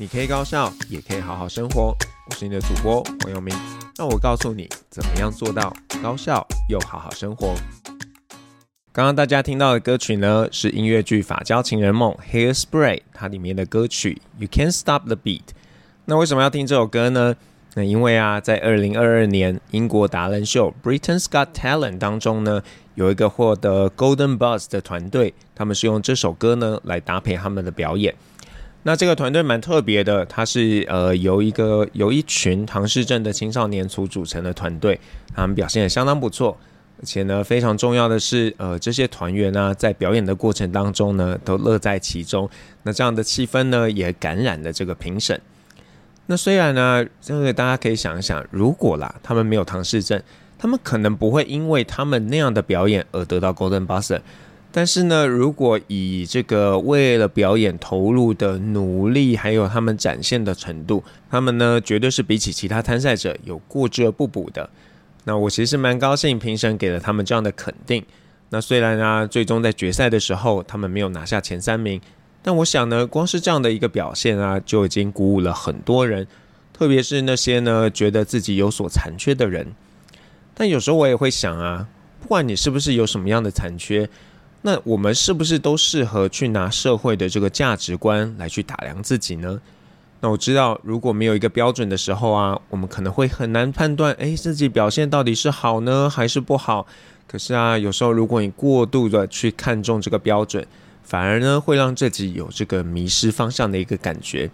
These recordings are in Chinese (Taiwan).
你可以高效，也可以好好生活。我是你的主播黃揚名，那我告訴你怎麼樣做到高效又好好生活。剛剛大家聽到的歌曲呢，是音樂劇《髮膠情人夢》Hair Spray 它裡面的歌曲 You Can't Stop the Beat。那為什麼要聽這首歌呢？那因為啊，在2022年英國達人秀 Britain's Got Talent 當中呢，有一個獲得 Golden Buzz 的團隊，他們是用這首歌呢來搭配他們的表演。那這個團隊蠻特別的，它是呃由一個由一群唐氏症的青少年組組成的團隊，他們表現也相當不錯，而且呢非常重要的是，呃，這些團員呢、啊、在表演的過程當中呢都樂在其中，那這樣的氣氛呢也感染了這個評審。那雖然呢這個，大家可以想一想，如果啦他們沒有唐氏症，他們可能不會因為他們那樣的表演而得到 golden buzzer 但是呢，如果以這個為了表演投入的努力，還有他們展現的程度，他們呢，絕對是比起其他參賽者有過之而不補的。那我其實蠻高興，評審給了他們這樣的肯定。那雖然呢、啊，最終在決賽的時候，他們沒有拿下前三名，但我想呢，光是這樣的一個表現啊，就已經鼓舞了很多人，特別是那些呢，覺得自己有所殘缺的人。但有時候我也會想啊，不管你是不是有什麼樣的殘缺。那我們是不是都適合去拿社會的這個價值觀來去打量自己呢？那我知道，如果沒有一個標準的時候啊，我們可能會很難判斷，哎，自己表現到底是好呢，還是不好。可是啊，有時候如果你過度的去看重這個標準，反而呢會讓自己有這個迷失方向的一個感覺。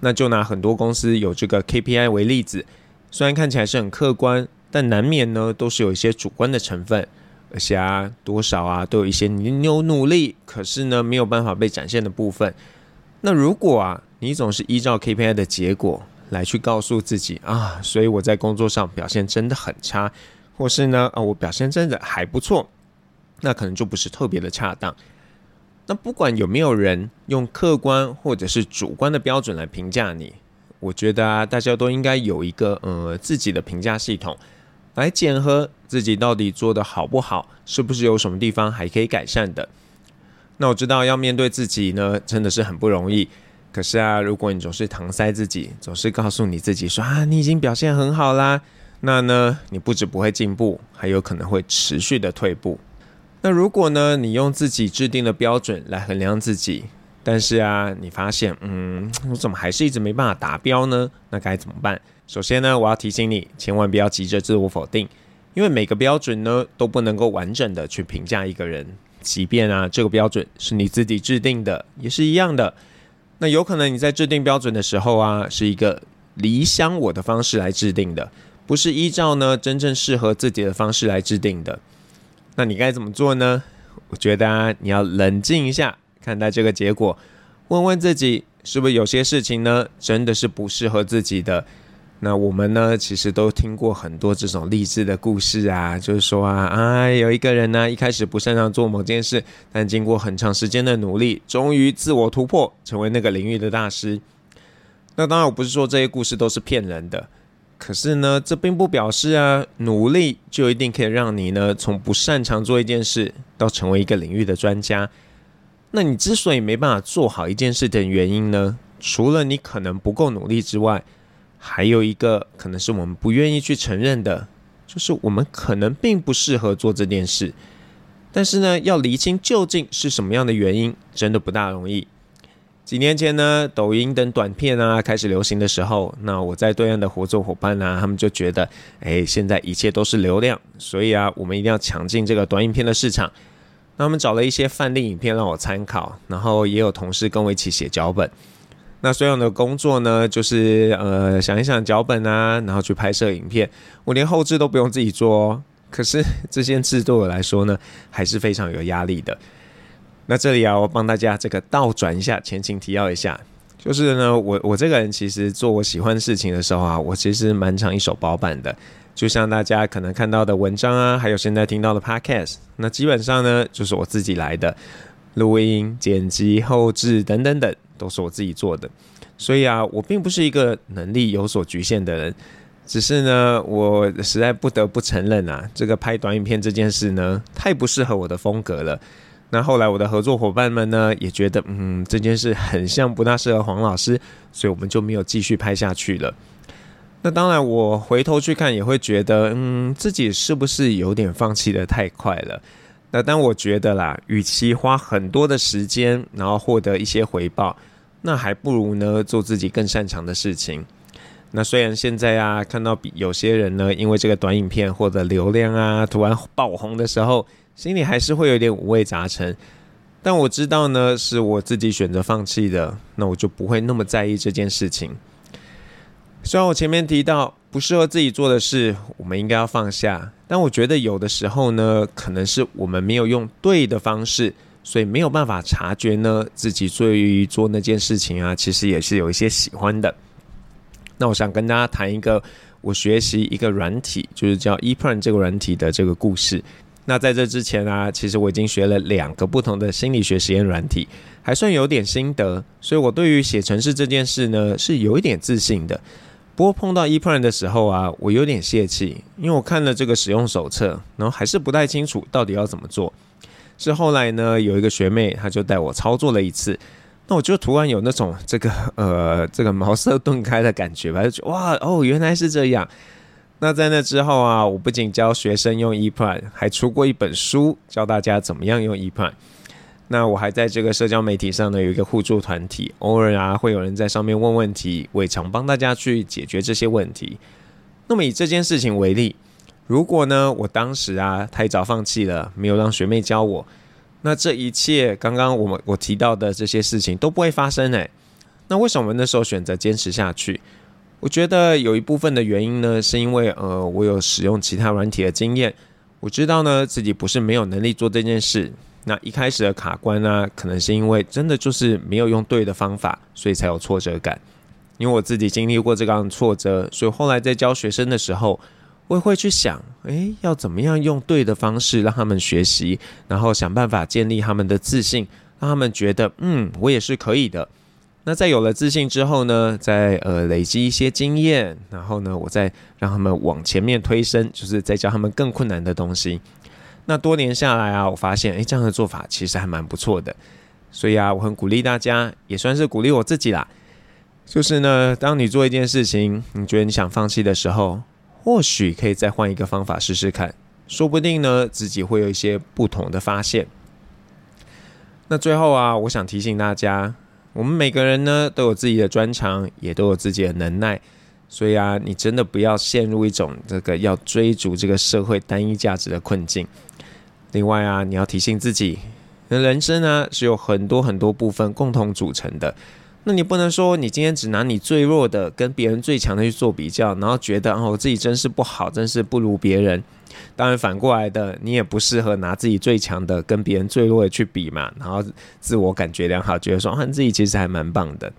那就拿很多公司有這個 KPI 為例子，雖然看起來是很客觀，但難免呢都是有一些主觀的成分。而且啊，多少啊，都有一些你有努力，可是呢，沒有辦法被展現的部分。那如果啊，你總是依照 KPI 的結果來去告訴自己啊，所以我在工作上表現真的很差，或是呢啊，我表現真的還不錯，那可能就不是特別的恰當。那不管有沒有人用客觀或者是主觀的標準來評價你，我覺得啊，大家都應該有一個呃自己的評價系統。來檢核自己到底做得好不好，是不是有什麼地方還可以改善的？那我知道要面對自己呢，真的是很不容易。可是啊，如果你總是搪塞自己，總是告訴你自己說啊，你已經表現很好啦，那呢，你不只不會進步，還有可能會持續的退步。那如果呢，你用自己制定的標準來衡量自己，但是啊，你發現，嗯，我怎麼還是一直沒辦法達標呢？那該怎麼辦？首先呢，我要提醒你，千萬不要急着自我否定，因為每個標準呢都不能夠完整的去評價一個人，即便啊這個標準是你自己制定的，也是一樣的。那有可能你在制定標準的時候啊，是一個理想我的方式來制定的，不是依照呢真正適合自己的方式來制定的。那你該怎麼做呢？我覺得啊，你要冷靜一下。看待這個結果，問問自己是不是有些事情呢，真的是不適合自己的。那我們呢，其實都聽過很多這種勵志的故事啊，就是說啊，哎、啊，有一個人呢，一開始不擅長做某件事，但經過很長時間的努力，終於自我突破，成為那個領域的大師。那當然，我不是說這些故事都是騙人的，可是呢，這並不表示啊，努力就一定可以讓你呢，從不擅長做一件事，到成為一個領域的專家。那你之所以沒辦法做好一件事的原因呢，除了你可能不夠努力之外，還有一個可能是我們不願意去承認的，就是我們可能並不適合做這件事。但是呢，要釐清究竟是什麼樣的原因，真的不大容易。幾年前呢，抖音等短片啊開始流行的時候，那我在對岸的合作夥伴呢、啊，他們就覺得，哎、欸，現在一切都是流量，所以啊，我們一定要搶進這個短影片的市場。那他們找了一些範例影片讓我參考，然後也有同事跟我一起寫腳本。那所有的工作呢，就是呃想一想腳本啊，然後去拍攝影片。我連後製都不用自己做，哦，可是，這件事對我來說呢，還是非常有壓力的。那這裡啊，我幫大家這個倒轉一下，前情提要一下。就是呢，我我這個人其實做我喜歡的事情的時候啊，我其實蠻常一手包辦的。就像大家可能看到的文章啊，還有現在聽到的 Podcast，那基本上呢，就是我自己來的，錄音、剪輯、後製、等等等，都是我自己做的。所以啊，我並不是一個能力有所局限的人，只是呢，我實在不得不承認啊，這個拍短影片這件事呢，太不適合我的風格了。那後來我的合作夥伴們呢，也覺得嗯，這件事很像不大適合黃老師，所以我們就沒有繼續拍下去了。那當然我回頭去看也會覺得嗯，自己是不是有點放棄的太快了？那但我覺得啦，與其花很多的時間然後獲得一些回報，那還不如呢，做自己更擅長的事情。那雖然現在啊，看到有些人呢，因為這個短影片獲得流量啊，突然爆紅的時候，心裡還是會有點五味雜陳。但我知道呢，是我自己選擇放棄的，那我就不會那麼在意這件事情。雖然我前面提到不適合自己做的事，我們應該要放下，但我覺得有的時候呢，可能是我們沒有用對的方式，所以沒有辦法察覺呢，自己對於做那件事情啊，其實也是有一些喜歡的。那我想跟大家談一個我學習一個軟體，就是叫 E-Prime 這個軟體的這個故事。那在這之前啊，其實我已經學了兩個不同的心理學實驗軟體，還算有點心得，所以我對於寫程式這件事呢，是有一點自信的。不過碰到 E-Prime 的時候啊，我有點洩氣，因為我看了這個使用手冊，然後還是不太清楚到底要怎麼做。是後來呢，有一個學妹，她就帶我操作了一次。那我就突然有那種這個呃這個茅塞頓開的感覺吧，就覺得哇哦，原來是這樣。那在那之後啊，我不僅教學生用 EPLAN 還出過一本書教大家怎麼樣用 EPLAN 那我還在這個社交媒體上呢有一個互助團體，偶爾啊會有人在上面問問題，我也常幫大家去解決這些問題。那麼以這件事情為例，如果呢我當時啊太早放棄了，沒有讓學妹教我。那這一切，剛剛我們我提到的這些事情都不會發生欸，那為什麼我們那時候選擇堅持下去？我覺得有一部分的原因呢，是因為呃，我有使用其他軟體的經驗，我知道呢自己不是沒有能力做這件事。那一開始的卡關呢，可能是因為真的就是沒有用對的方法，所以才有挫折感。因為我自己經歷過這樣的挫折，所以後來在教學生的時候。我也會去想，哎，要怎麼樣用對的方式讓他們學習，然後想辦法建立他們的自信，讓他們覺得，嗯，我也是可以的。那在有了自信之後呢，再呃累積一些經驗，然後呢，我再讓他們往前面推升，就是再教他們更困難的東西。那多年下來啊，我發現，哎，這樣的做法其實還蠻不錯的。所以啊，我很鼓勵大家，也算是鼓勵我自己啦。就是呢，當你做一件事情，你覺得你想放棄的時候，或許可以再換一個方法試試看，說不定呢，自己會有一些不同的發現。那最後啊，我想提醒大家，我們每個人呢都有自己的專長，也都有自己的能耐，所以啊，你真的不要陷入一種這個要追逐這個社會單一價值的困境。另外啊，你要提醒自己，人生呢是由很多很多部分共同組成的。那你不能說你今天只拿你最弱的跟別人最強的去做比較，然後覺得哦，自己真是不好，真是不如別人。當然，反過來的，你也不適合拿自己最強的跟別人最弱的去比嘛。然後自我感覺良好，覺得說啊，自己其實還蠻棒的。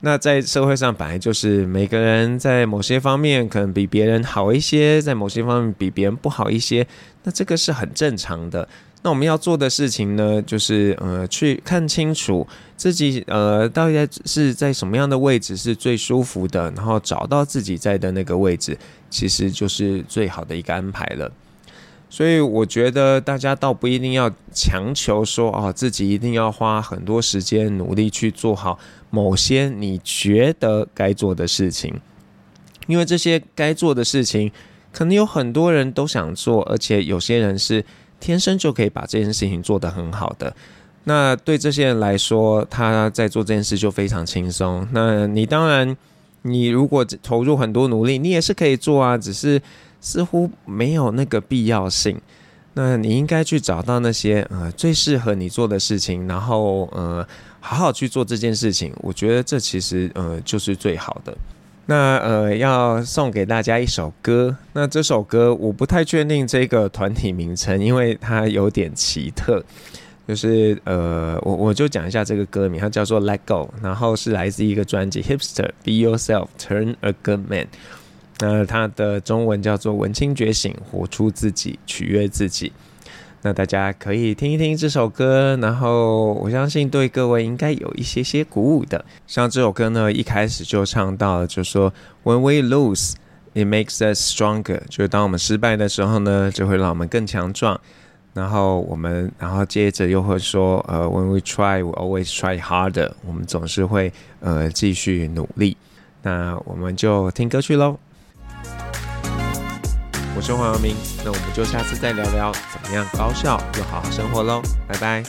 那在社會上，本來就是每個人在某些方面可能比別人好一些，在某些方面比別人不好一些，那這個是很正常的。那我們要做的事情呢，就是呃，去看清楚。自己呃，到底在是在什麼樣的位置是最舒服的？然後找到自己在的那個位置，其實就是最好的一個安排了。所以我覺得大家倒不一定要強求說哦，自己一定要花很多時間努力去做好某些你覺得該做的事情，因為這些該做的事情，可能有很多人都想做，而且有些人是天生就可以把這件事情做得很好的。那對這些人來說，他在做這件事就非常輕鬆。那你當然，你如果投入很多努力，你也是可以做啊，只是似乎沒有那個必要性。那你應該去找到那些呃最適合你做的事情，然後呃好好去做這件事情。我覺得這其實呃就是最好的。那呃要送給大家一首歌，那這首歌我不太確定這個團體名稱，因為它有點奇特。就是呃，我我就講一下這個歌名，它叫做《Let Go》，然後是來自一個專輯《Hipster Be Yourself Turn a Good Man》呃。那它的中文叫做“文青覺醒，活出自己，取悅自己”。那大家可以聽一聽這首歌，然後我相信對各位應該有一些些鼓舞的。像這首歌呢，一開始就唱到了就說 “When we lose, it makes us stronger。”就是當我們失敗的時候呢，就會讓我們更強壯。然後我們，然後接着又會說，呃，When we try, we always try harder。我們總是會，呃，繼續努力。那我們就聽歌去嘍。 我是黃耀明，那我們就下次再聊聊怎麼樣高效又好好生活嘍。拜拜。